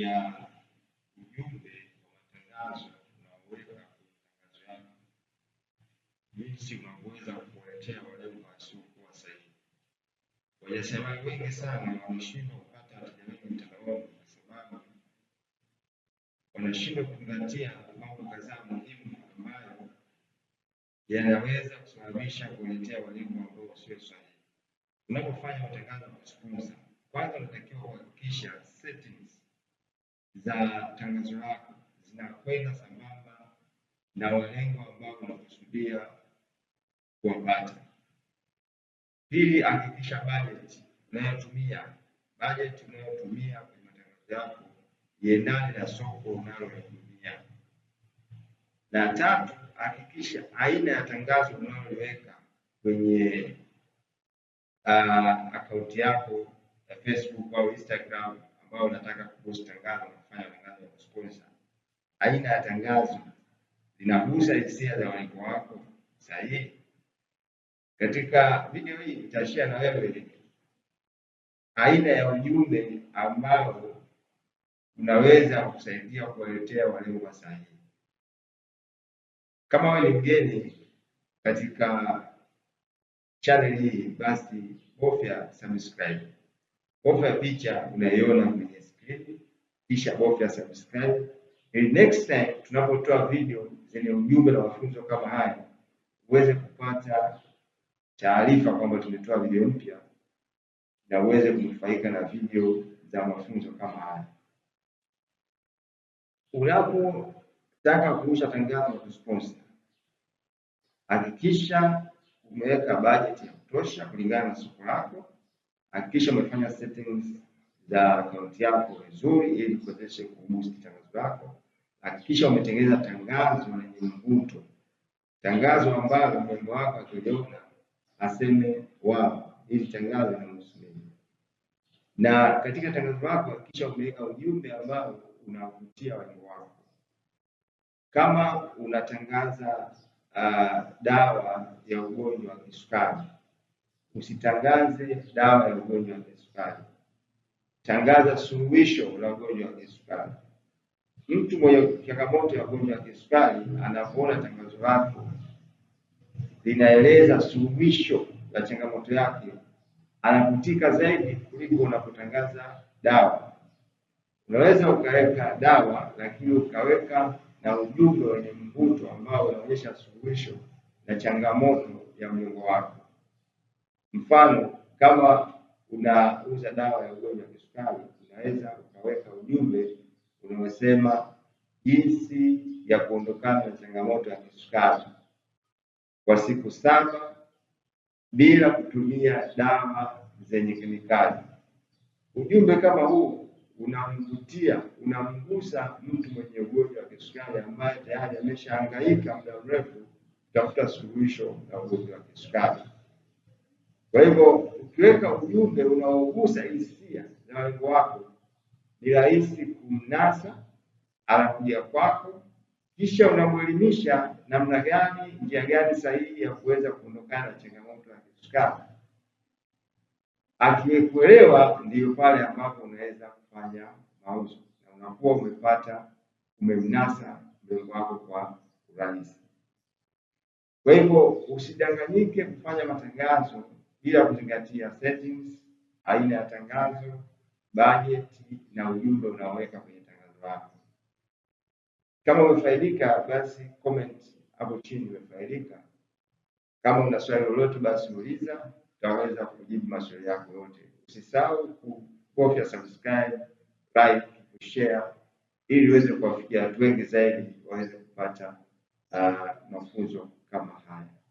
ya ujumbe wa matangazo unaoweka kwenye matangazo yako, jinsi unaweza kuwaletea walengo wasiokuwa sahihi. Wajasiriamali wengi sana wameshindwa kupata wateja wengi mtandaoni kwa sababu wanashindwa kuzingatia mambo kadhaa muhimu ambayo yanaweza kusababisha kuwaletea walengo ambao sio sahihi. Unapofanya matangazo ya kusponsor, kwanza unatakiwa kuhakikisha za tangazo lako zinakwenda sambamba na walengo ambao unakusudia kuwapata. Pili, hakikisha bajeti unayotumia bajeti unayotumia kwenye matangazo yako iendane na soko unalohudumia. Na tatu, hakikisha aina ya tangazo unaloliweka kwenye uh, ah, akaunti yako ya Facebook au Instagram ambayo unataka kupost tangazo, kufanya tangazo la sponsor, aina ya tangazo linagusa hisia za walengwa wako sahihi. Katika video hii itashia na wewe aina ya ujumbe ambao unaweza kusaidia kuwaletea walengwa sahihi. Kama wewe ni mgeni katika channel hii, basi bofya subscribe. Bofya picha unaiona kwenye skrini, kisha bofya subscribe ili next time tunapotoa video zenye ujumbe na mafunzo kama haya uweze kupata taarifa kwamba tumetoa video mpya na uweze kunufaika na video za mafunzo kama haya. Unapotaka kurusha tangazo la kusponsor, hakikisha umeweka bajeti ya kutosha kulingana na soko lako Hakikisha umefanya settings za akaunti yako vizuri ili kuwezeshe kuboost tangazo lako. Hakikisha umetengeneza tangazo lenye mvuto, tangazo ambalo mrembo wako akiliona aseme wao hili tangazo linahusu mimi. Na katika tangazo lako hakikisha umeweka ujumbe ambao unavutia walengo wako. Kama unatangaza uh, dawa ya ugonjwa wa kisukari Usitangaze dawa ya ugonjwa wa kisukari, tangaza suluhisho la ugonjwa wa kisukari. Mtu mwenye changamoto ya ugonjwa wa kisukari anapoona tangazo lako linaeleza suluhisho la changamoto yake, anavutika zaidi kuliko unapotangaza dawa. Unaweza ukaweka dawa, lakini ukaweka na ujumbe wenye mvuto ambao unaonyesha suluhisho la changamoto ya mgongo wako. Mfano, kama unauza dawa ya ugonjwa wa kisukari, unaweza ukaweka ujumbe unaosema jinsi ya kuondokana na changamoto ya kisukari kwa siku saba bila kutumia dawa zenye kemikali. Ujumbe kama huu unamvutia, unamgusa mtu mwenye ugonjwa wa kisukari ambaye tayari ameshahangaika muda mrefu kutafuta suluhisho la ugonjwa wa kisukari. Kwa hivyo ukiweka ujumbe unaogusa hisia za malengo wako, ni rahisi kumnasa, anakuja kwako, kisha unamwelimisha namna gani, njia gani sahihi ya kuweza kuondokana na changamoto ya kisukari. Akiwekuelewa, ndiyo pale ambapo unaweza kufanya mauzo na unakuwa umepata, umemnasa mlengo wako kwa urahisi. Kwa hivyo usidanganyike kufanya matangazo bila kuzingatia settings, aina ya tangazo, bajeti na ujumbe unaoweka kwenye tangazo lako. Kama umefaidika, basi comment hapo chini umefaidika. Kama una swali lolote, basi uliza, tutaweza kujibu maswali yako yote. Usisahau kubofya subscribe, like, kushare ili uweze kuwafikia watu wengi zaidi waweze kupata uh, mafunzo kama haya.